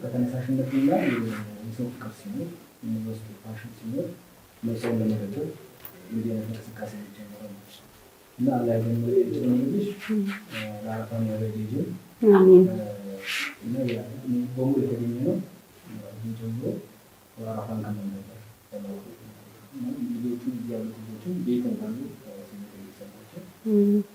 ከተነሳሽነት እና የሰው ፍቅር ሲኖር ዩኒቨርስቲ ፋሽን ሲኖር ለሰው ለመደገፍ እንዲህ ዓይነት እንቅስቃሴ ይጀምራል እና ላይ ደግሞ ጭንልሽ ለአረፋን ያበጅ በሙሉ የተገኘ ነው ጀምሮ አረፋን ከመነበር ልጆቹ ያሉት ልጆቹ ቤት እንዳሉ ስሜት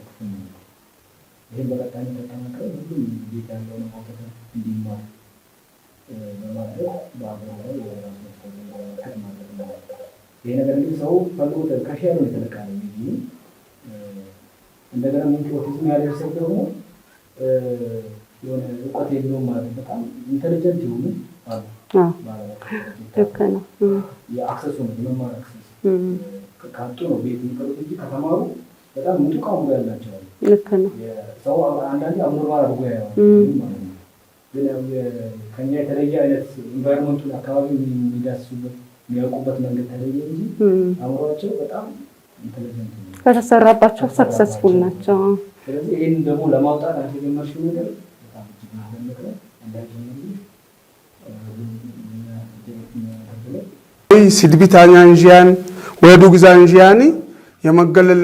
ይህን በቀጣይ ተጠናክረው ሁሉም ቤት ያለውን እውቀት እንዲማር በማድረግ በአብረ ላይ የራሱ መስተዳደር ማድረግ ነው። ይህ ነገር ግን ሰው ፈልጎት ከሺያ ነው የተለቃ ነው እንጂ እንደገና ምንጭ ኦፊስ ያለው ሰው ደግሞ የሆነ እውቀት የለውም ማለት በጣም ኢንቴሊጀንት የሆኑ አሉ። ልክ ነው። የአክሰሱ ነው የመማር አክሰስ ካጡ ነው ቤት የሚቀሩት እንጂ ከተማሩ በጣም ብዙ ቋንቋ ያላቸው ልክ ነው። ሰው አንዳንዴ አምሮ ያየዋል። ከኛ የተለየ አይነት ኢንቫይሮንመንቱን አካባቢ የሚዳስሱበት የሚያውቁበት መንገድ ተለየ እንጂ በጣም ኢንቴሊጀንት ከተሰራባቸው ሰክሰስፉል ናቸው። ስለዚህ ይህን ደግሞ ለማውጣት አንተ የጀመርሽው ነገር በጣም እጅግ የመገለል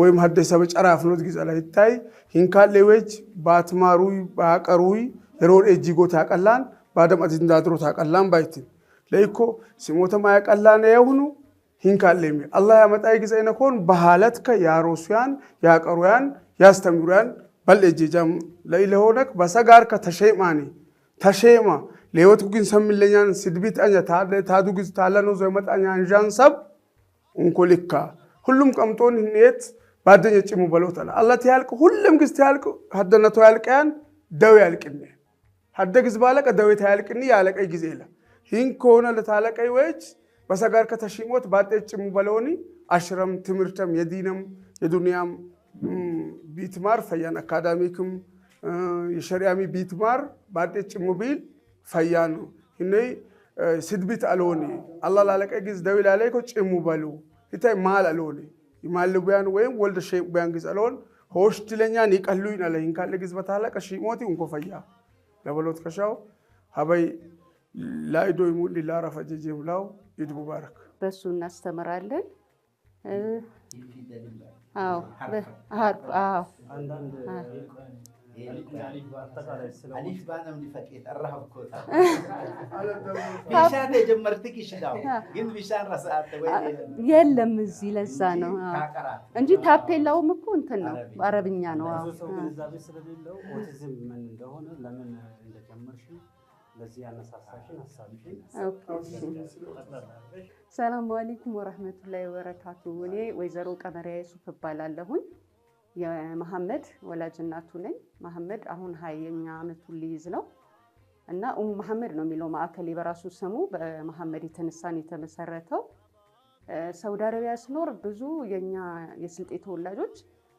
ወይም ሀደሰ በጨራ ፍኖት ጊዜ ላይ ይታይ ሂንካሌ ዌጅ በአትማሩይ በአቀሩይ የሮድ ኤጂጎ ታቀላን በአደማት እንዳድሮ ታቀላን ባይትን ለይኮ ሲሞተ ማያቀላን የሁኑ ሂንካሌ ሚ አላህ ያመጣይ ጊዜ ነኮን በሃለትከ ያሮሱያን ያቀሩያን ያስተምሩያን በል ኤጂጃም ለኢለሆነክ በሰጋርከ ተሸማኒ ተሸማ ለህይወት ጉግን ሰሚለኛን ስድቢት ታዱ ጊዜ ታለነው ዘመጣኛ አንዣን ሰብ እንኮሊካ ሁሉም ቀምጦን ኔት ባደኘ ጭሙ በሎታል አላ ያልቅ ሁሉም ግዝ ያልቅ ሀደነቶ ያልቀያን ደዌ ያልቅኒ ሀደ ግዝ ባለቀ ደዌ ታያልቅኒ ያለቀይ ጊዜ ለ ይህን ከሆነ ለታለቀይ ወች በሰጋር ከተሽሞት ባጤ ጭሙ በለውኒ አሽረም ትምህርተም የዲነም የዱንያም ቢትማር ፈያን አካዳሚክም የሸሪያሚ ቢትማር ባጤ ጭሙ ቢል ፈያኑ እነይ ስድቢት አልሆኒ አላ ላለቀይ ጊዝ ደዌ ላለይኮ ጭሙ በሉ ita maal aloone imalli buyaan wayin walda shee buyaan gis aloon hoshti lenyaan iqalluu hin ala hin kaalle gis bataala qashii mooti unko fayyaa dabaloot kashaw habay ላይዶ ይሙል ላራ ፈጀጀ ብላው ኢድ ሙባረክ በሱ እናስተምራለን። አዎ አዎ የለም እዚህ። ለዛ ነው እንጂ ታፔላውም እኮ እንትን ነው፣ አረብኛ ነው። ሰላም አለይኩም ወረህመቱላሂ ወበረካቱ። እኔ ወይዘሮ ቀመሪያ ሱፍ እባላለሁኝ። የመሐመድ ወላጅ እናቱ ነኝ። መሐመድ አሁን ሀያኛ ዓመቱን ሊይዝ ነው እና ኡሙ መሐመድ ነው የሚለው ማዕከሌ በራሱ ስሙ በመሐመድ የተነሳን የተመሰረተው። ሳውዲ አረቢያ ስኖር ብዙ የኛ የስልጤ ተወላጆች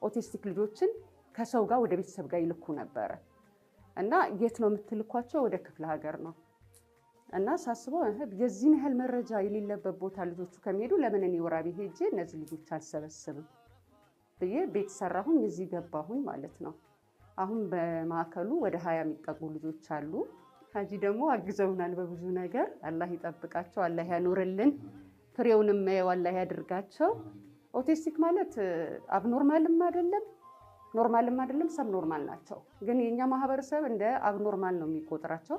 ኦቲስቲክ ልጆችን ከሰው ጋር ወደ ቤተሰብ ጋር ይልኩ ነበረ እና የት ነው የምትልኳቸው? ወደ ክፍለ ሀገር ነው እና ሳስበው የዚህን ያህል መረጃ የሌለበት ቦታ ልጆቹ ከሚሄዱ ለምን እኔ ወራቤ ሄጄ እነዚህ ልጆች አልሰበስብም ብዬ ቤት ሰራሁኝ። እዚህ ገባሁኝ ማለት ነው። አሁን በማዕከሉ ወደ ሀያ የሚጠጉ ልጆች አሉ። ሀጂ ደግሞ አግዘውናል በብዙ ነገር። አላህ ይጠብቃቸው፣ አላህ ያኖርልን፣ ፍሬውንም ያው አላህ ያድርጋቸው። ኦቲስቲክ ማለት አብኖርማልም አይደለም ኖርማልም አይደለም፣ ሰብ ኖርማል ናቸው። ግን የእኛ ማህበረሰብ እንደ አብኖርማል ነው የሚቆጥራቸው።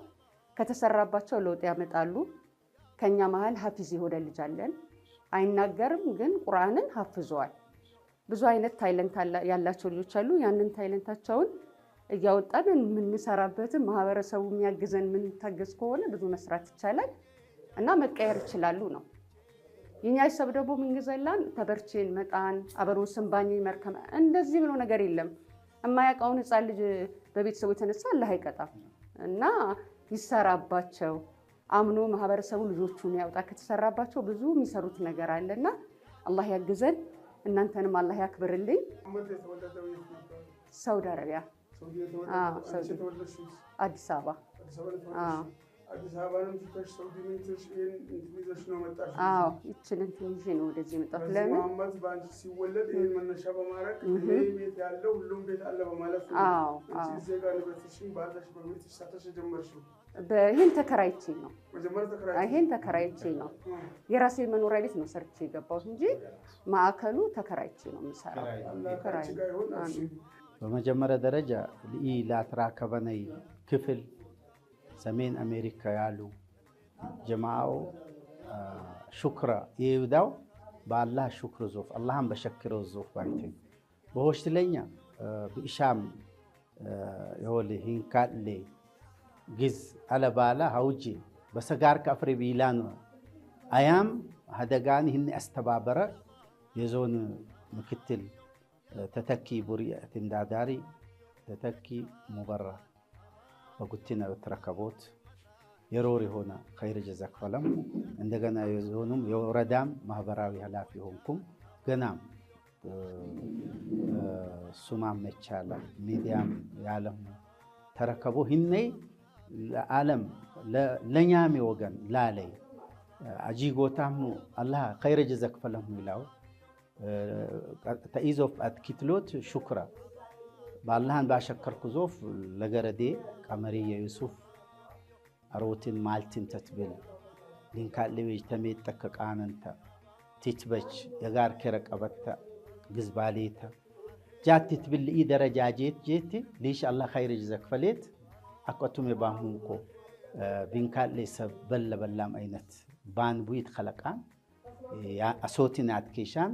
ከተሰራባቸው ለውጥ ያመጣሉ። ከኛ መሀል ሀፊዝ የሆነ ልጅ አለን። አይናገርም፣ ግን ቁርአንን ሀፍዘዋል። ብዙ አይነት ታይለንት ያላቸው ልጆች አሉ። ያንን ታይለንታቸውን እያወጣን የምንሰራበትን ማህበረሰቡ የሚያግዘን የምንታገዝ ከሆነ ብዙ መስራት ይቻላል እና መቀየር ይችላሉ ነው የኛ ሰብ ደግሞ ምንግዘላን ተበርቼን መጣን አበሮ ስንባኝ መርከም እንደዚህ ብሎ ነገር የለም። የማያውቀውን ህፃ ልጅ በቤተሰቡ የተነሳ አላህ አይቀጣም እና ይሰራባቸው አምኖ ማህበረሰቡ ልጆቹን ያውጣ። ከተሰራባቸው ብዙ የሚሰሩት ነገር አለና አላህ ያግዘን። እናንተንም አላህ ያክብርልኝ። ሳውዲ አረቢያ አዲስ አበባ ይችን እንትን ይዤ ነው ወደዚህ የመጣሁት። ለምን ሲወለድ ይህን መነሻ በማድረግ ቤት ያለው ሁሉም ቤት አለ በማለት ነው። ዜጋ ንብረትሽን ባለሽ በቤት ሳተሽ የጀመርሽው ይህን ተከራይቼ ነው ይሄን ተከራይቼ ነው የራሴ መኖሪያ ቤት ነው ሰርቼ የገባሁት እንጂ ማዕከሉ ተከራይቼ ነው የምሰራው። በመጀመሪያ ደረጃ ልኢ ከበነይ ክፍል ሰሜን አሜሪካ ያሉ ጀማዓው ሹክራ ይውዳው በአላህ ሹክር ዞፍ አላህን በሸክረው ዞፍ ባይቴ በሆሽትለኛ ብእሻም የወል ሂንካሌ ግዝ አለባላ ሀውጂ በሰጋር ከፍሪ ቢላ ነው አያም ሀደጋን ይህን ያስተባበረ የዞን ምክትል ተተኪ ቡርያት እንዳዳሪ ተተኪ ሙበራ በጉቲነ ትረከቦት የሮር የሆነ ኸይር ጀዘክፈለም እንደገና የዞኑም የወረዳም ማህበራዊ ኃላፊ ሆንኩም ገናም ሱማም መቻላ ሚዲያም ያለም ተረከቦ ሂነይ ለዓለም ለእኛም ወገን ላለይ አጂ ጎታም አላ ከይረ ጀዘ ክፈለምሁ ኢላው ተኢዞፍ አትኪትሎት ሹክራ በአላህን ባሸከርኩ ዞፍ ለገረዴ ቀመሪ የዩሱፍ አሮትን ማልትን ተትብል ሊንካልቤጅ ተሜጠከ ቃነንተ ቲትበች የጋር ከረቀበተ ግዝባሌተ ጃቲትብል ኢ ደረጃ ጄት ጄቴ ሊሽ አላ ከይረ ጀዘ ክፈሌት አቆቱሜ ባሁንኮ ቢንካሌሰ በለበላም አይነት ባንቡይት ከለቃን አሶቲን አትኬሻን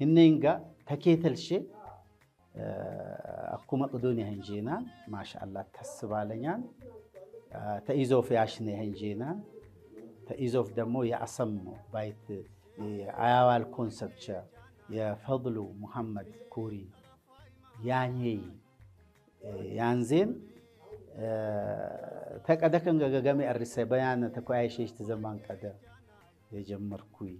ህኔንጋ ተኬተልሼ አኩመ ቅዱንያ ህንጄናን ማሻአላ ተስባለኛን ተኢዞፍ ያሽነ ህንጄናን ተኢዞፍ ደግሞ የአሰም ባይት አያዋል ኮንሰፕቸ የፈضሉ ሙሐመድ ኩሪ ያኔይ ያንዜን ተቀደ ከንገገገሜ አሪሰ በያነ ተኳያሸሽ ተዘማን ቀደ የጀመርኩይ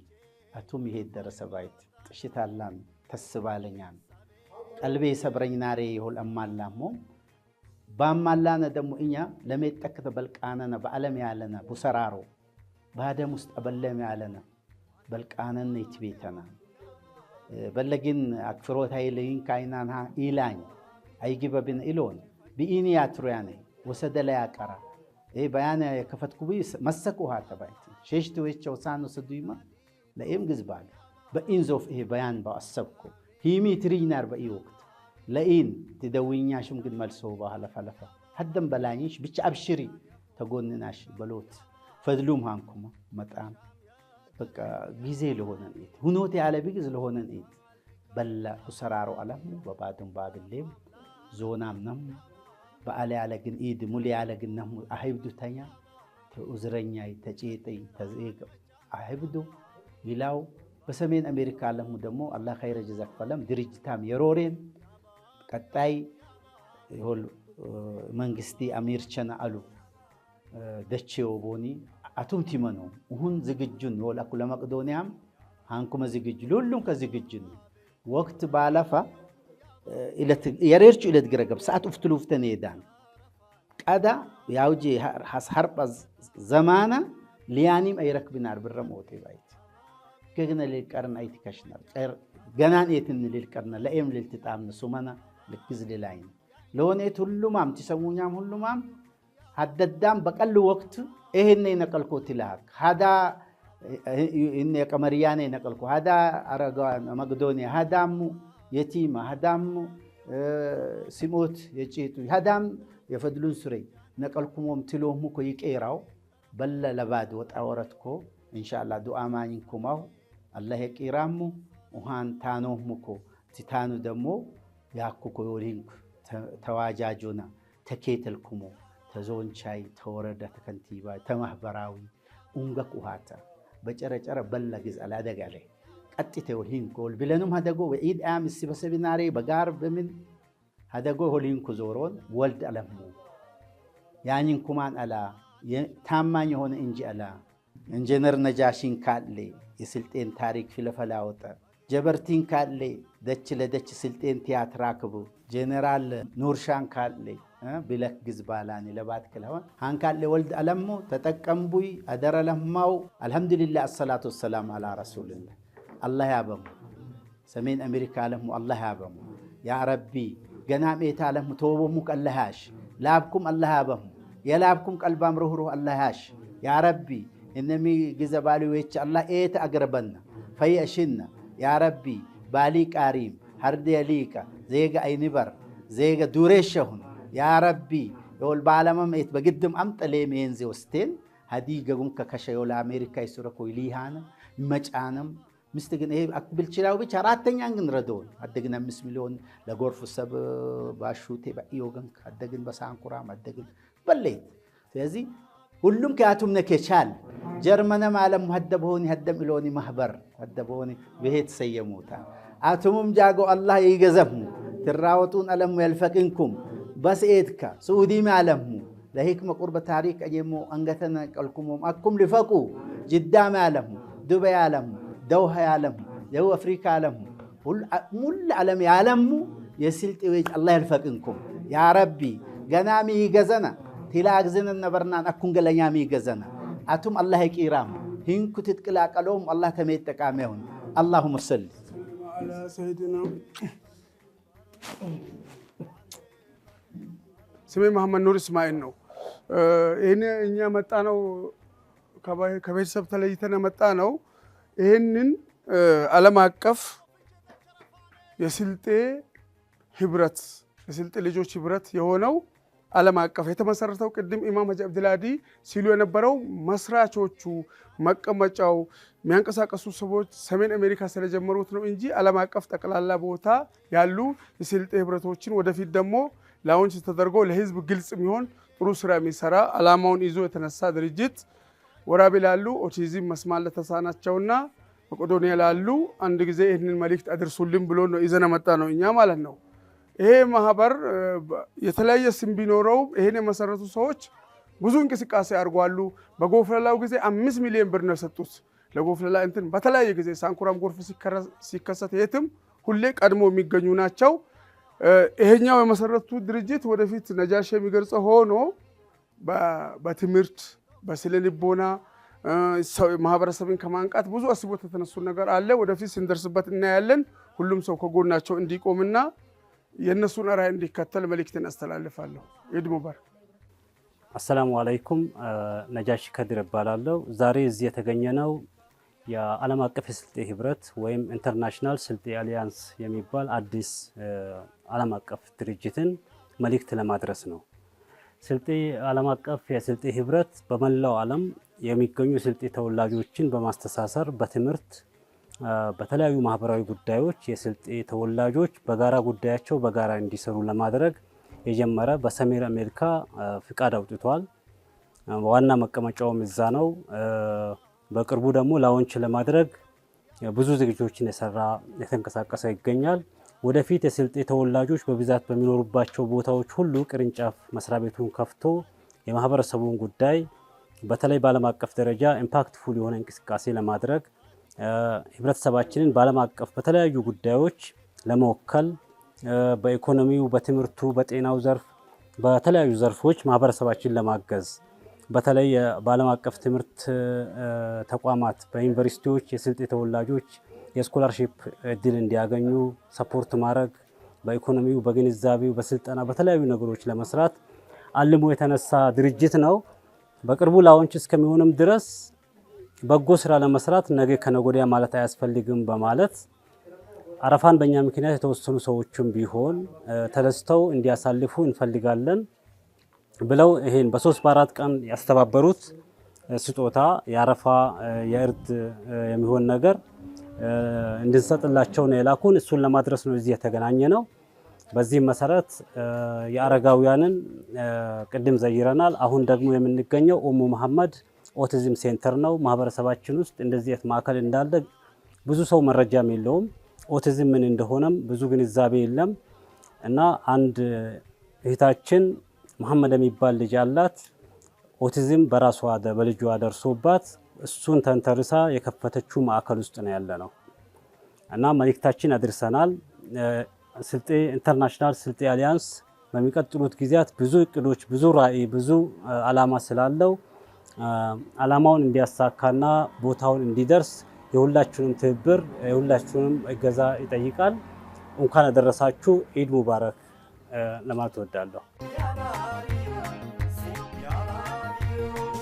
አቱም ይሄ ደረሰ ባይት ጥሽት አላም ተስባለኛን ቀልቤ የሰብረኝ ናሬ የሆል አማላሞ ባማላነ ደግሞ እኛ ለሜጠክተ በልቃነነ በዓለም ያለነ ቡሰራሮ በአደም ውስጥ አበለም ያለነ በልቃነነ ይትቤተና በለግን አክፍሮት ኃይልይን ካይናንሃ ኢላኝ አይግበብን ኢሎን ብኢኒ ያትሮያነይ ላይ አቀራ በያነ የከፈትኩ መሰኩ ተባይት ሼሽቲ ወቸው ሳኑ ስዱይማ ለኤም ግዝባለ በኢንዞፍ ይሄ በያን በአሰብኩ ሂሚ ትሪናር በኢ ወቅት ለኢን ትደውኛሽም ግን መልሶ ባህለፈለፈ ሀደም በላኝሽ ብቻ አብሽሪ ተጎንናሽ በሎት ፈድሉም ሃንኩማ መጣም በቃ ጊዜ ለሆነን ኢት ሁኖቴ ያለ ቢግዝ ለሆነን ኢት በላ ኩሰራሮ አለሙ በባድን ባግሌም ዞናም ነሙ በዓል ግን ኢድ ሙሉ ያለግን ነሙ አህይብዱ ተኛ ተኡዝረኛይ ተጨጠይ ተዘይቅ አህይብዱ ይላው በሰሜን አሜሪካ ለሙ ደግሞ አላህ ኸይረ ጀዛክ ፈለም ድርጅታም የሮሬን ቀጣይ ይሁን መንግስቲ አሚር ቸና አሉ ደቼው ቦኒ አቱም ቲመኖ ሁን ዝግጁን ወላኩ ለመቅዶኒያም አንኩመ ዝግጁ ሁሉም ከዝግጁን ወቅት ባለፋ yareerchuu ilat garaggab sa'at uftu luuftanii edaan qada yaa hojii har'a zamaana liyaaniim ay rakkbina arbirra mootee baay'ee gegna lilqarna ayti kashna ganaan eetin lilqarna la'eem lilti xaamna sumana likkiz lilaayin ለሆኔት ሁሉማም ትሰሙኛም ሁሉማም ሀደዳም በቀል ወቅት ይሄን ነቀልኮት ይልሃክ ሀዳ ቀመርያኔ ነቀልኮ ሀዳ አረጋ መቅዶኔ ሀዳሙ የቲማ ሃዳም ሲሞት የጭቱ ሃዳም የፈድሉን ሱሬ ነቀልኩሞም ትሎሙ ኮ ይቄራው በለ ለባድ ወጣ ወረት ኮ እንሻላ ዱአ ማኝን ኩማው አላህ የቂራሙ ውሃን ታኖሙ ኮ ትታኑ ደግሞ ያኩ ኮ ዮሪንኩ ተዋጃጆና ተኬተልኩሞ ተዞንቻይ ተወረዳ ተከንቲባ ተማህበራዊ ኡንገ ኩሃታ በጨረጨረ በለ ግዝ አላደጋለ ቀጥቴው ሂንኮል ብለንም ሀደጎ ወኢድ አም እስበ ሰሚናሪ በጋር በምን ሀደጎ ሆሊንኩ ዞሮን ወልድ አለሙ ያኝን ኩማን አላ ታማኝ የሆነ እንጂ አላ ኢንጂነር ነጃሽን ካለ የስልጤን ታሪክ ፊለፈላወጠ ጀበርቲን ካለ ደች ለደች ስልጤን ቲያትራ ክቡ ጄኔራል ኑርሻን ካለ ብለክ ግዝባላኒ ለባት ክለሆን ሃንካሌ ወልድ አለሙ ተጠቀምቡይ አደረ ለማው አልሐምዱሊላህ አሰላቱ ወሰላም አላ ረሱልላህ الله يعبم سمين أمريكا لهم الله يعبم يا ربي جنام إيتا لهم توبهمك الله هاش لابكم الله يعبم يا لابكم قلب أمره رهره الله هاش يا ربي إنمي جزبالي ويتش الله إيتا أقربنا فيأشنا يا ربي باليك أريم هردي يليك زيغا أي نبر زيغا دوريشهن يا ربي يقول بعلم ما إيت بقدم أمت ليه مينزي وستين هديقة قمك كشيو لأمريكا يسرقوا ليهانا مجانم አምስት ግን ይሄ አክብል ብቻ አራተኛን ግን ረደውን አደግን አምስት ሚሊዮን ለጎርፍ ሰብ ባሹቴ በኢዮገን አደግን በሳንኩራም አደግን በለይ ስለዚህ ሁሉም ከያቱም ነኬቻል ጀርመንም ዓለም ሀደ በሆኒ ኢሎኒ ማህበር ሀደ በሆኒ ብሄት ሰየሙታ አቱሙም ጃጎ አላህ ይገዘሙ ትራወጡን አለሙ ያልፈቅንኩም በስኤትካ ስዑዲም አለሙ ለሂክመ ቁርበ ታሪክ አጀሞ አንገተነ ቀልኩሞም አኩም ሊፈቁ ጅዳም አለሙ ዱበይ አለሙ ደውሃ ያለሙ ደቡብ አፍሪካ ያለሙ ሙሉ ዓለም ያለሙ የስልጤ ዌጅ አላ ያልፈቅንኩም ያ ረቢ ገና ሚገዘና ቲላግዝንን ነበርናን አኩን ገለኛ ሚገዘና አቱም አላህ የቂራም ሂንኩ ትትቅላቀለውም አላህ ከሜት ጠቃሚ ያሁን አላሁመ ሰል ስሜ መሐመድ ኑር እስማኤል ነው። ይህን እኛ መጣ ነው ከቤተሰብ ተለይተን መጣ ነው ይህንን ዓለም አቀፍ የስልጤ ህብረት የስልጤ ልጆች ህብረት የሆነው ዓለም አቀፍ የተመሰረተው ቅድም ኢማም ሀጂ አብድላዲ ሲሉ የነበረው መስራቾቹ መቀመጫው የሚያንቀሳቀሱ ሰዎች ሰሜን አሜሪካ ስለጀመሩት ነው እንጂ ዓለም አቀፍ ጠቅላላ ቦታ ያሉ የስልጤ ህብረቶችን ወደፊት ደግሞ ላውንች ተደርጎ ለህዝብ ግልጽ የሚሆን ጥሩ ስራ የሚሰራ ዓላማውን ይዞ የተነሳ ድርጅት ወራቤ ላሉ ኦቲዝም መስማት ለተሳናቸውና መቄዶንያ ላሉ አንድ ጊዜ ይህንን መልእክት አድርሱልን ብሎ ነው ይዘን መጣ ነው እኛ ማለት ነው። ይሄ ማህበር የተለያየ ስም ቢኖረው ይህን የመሰረቱ ሰዎች ብዙ እንቅስቃሴ አድርጓሉ። በጎፍለላው ጊዜ አምስት ሚሊዮን ብር ነው የሰጡት ለጎፍለላ እንትን በተለያየ ጊዜ ሳንኩራም ጎርፍ ሲከሰት የትም ሁሌ ቀድሞ የሚገኙ ናቸው። ይሄኛው የመሰረቱ ድርጅት ወደፊት ነጃሽ የሚገልጸው ሆኖ በትምህርት በስለ ልቦና ማህበረሰብን ከማንቃት ብዙ አስቦት የተነሱ ነገር አለ። ወደፊት ስንደርስበት እናያለን። ሁሉም ሰው ከጎናቸው እንዲቆምና የእነሱን ራዕይ እንዲከተል መልእክትን አስተላልፋለሁ። ኢድ ሙባረክ። አሰላሙ አለይኩም። ነጃሽ ከድር እባላለሁ። ዛሬ እዚህ የተገኘ ነው የዓለም አቀፍ የስልጤ ህብረት ወይም ኢንተርናሽናል ስልጤ አሊያንስ የሚባል አዲስ ዓለም አቀፍ ድርጅትን መልእክት ለማድረስ ነው። ስልጤ ዓለም አቀፍ የስልጤ ህብረት በመላው ዓለም የሚገኙ የስልጤ ተወላጆችን በማስተሳሰር በትምህርት በተለያዩ ማህበራዊ ጉዳዮች የስልጤ ተወላጆች በጋራ ጉዳያቸው በጋራ እንዲሰሩ ለማድረግ የጀመረ በሰሜን አሜሪካ ፍቃድ አውጥቷል። ዋና መቀመጫውም እዛ ነው። በቅርቡ ደግሞ ላውንች ለማድረግ ብዙ ዝግጅቶችን የሰራ የተንቀሳቀሰ ይገኛል። ወደፊት የስልጤ ተወላጆች በብዛት በሚኖሩባቸው ቦታዎች ሁሉ ቅርንጫፍ መስሪያ ቤቱን ከፍቶ የማህበረሰቡን ጉዳይ በተለይ በዓለም አቀፍ ደረጃ ኢምፓክትፉል የሆነ እንቅስቃሴ ለማድረግ ህብረተሰባችንን በዓለም አቀፍ በተለያዩ ጉዳዮች ለመወከል በኢኮኖሚው፣ በትምህርቱ፣ በጤናው ዘርፍ በተለያዩ ዘርፎች ማህበረሰባችን ለማገዝ በተለይ በዓለም አቀፍ ትምህርት ተቋማት በዩኒቨርሲቲዎች የስልጤ ተወላጆች የስኮላርሺፕ እድል እንዲያገኙ ሰፖርት ማድረግ በኢኮኖሚው፣ በግንዛቤው፣ በስልጠና በተለያዩ ነገሮች ለመስራት አልሞ የተነሳ ድርጅት ነው። በቅርቡ ላውንች እስከሚሆንም ድረስ በጎ ስራ ለመስራት ነገ ከነጎዲያ ማለት አያስፈልግም በማለት አረፋን በእኛ ምክንያት የተወሰኑ ሰዎችም ቢሆን ተደስተው እንዲያሳልፉ እንፈልጋለን ብለው ይሄን በሶስት በአራት ቀን ያስተባበሩት ስጦታ የአረፋ የእርድ የሚሆን ነገር እንድንሰጥላቸው ነው የላኩን። እሱን ለማድረስ ነው እዚህ የተገናኘ ነው። በዚህም መሰረት የአረጋውያንን ቅድም ዘይረናል። አሁን ደግሞ የምንገኘው ኡሙ መሐመድ ኦቲዝም ሴንተር ነው። ማህበረሰባችን ውስጥ እንደዚህ የት ማዕከል እንዳለ ብዙ ሰው መረጃም የለውም። ኦቲዝም ምን እንደሆነም ብዙ ግንዛቤ የለም እና አንድ እህታችን መሐመድ የሚባል ልጅ አላት። ኦቲዝም በራሷ በልጇ ደርሶባት እሱን ተንተርሳ የከፈተችው ማዕከል ውስጥ ነው ያለ ነው እና መልእክታችን አድርሰናል። ስልጤ ኢንተርናሽናል ስልጤ አሊያንስ በሚቀጥሉት ጊዜያት ብዙ እቅዶች፣ ብዙ ራዕይ፣ ብዙ አላማ ስላለው አላማውን እንዲያሳካና ቦታውን እንዲደርስ የሁላችሁንም ትብብር የሁላችሁንም እገዛ ይጠይቃል። እንኳን አደረሳችሁ። ኢድ ሙባረክ ለማለት እወዳለሁ።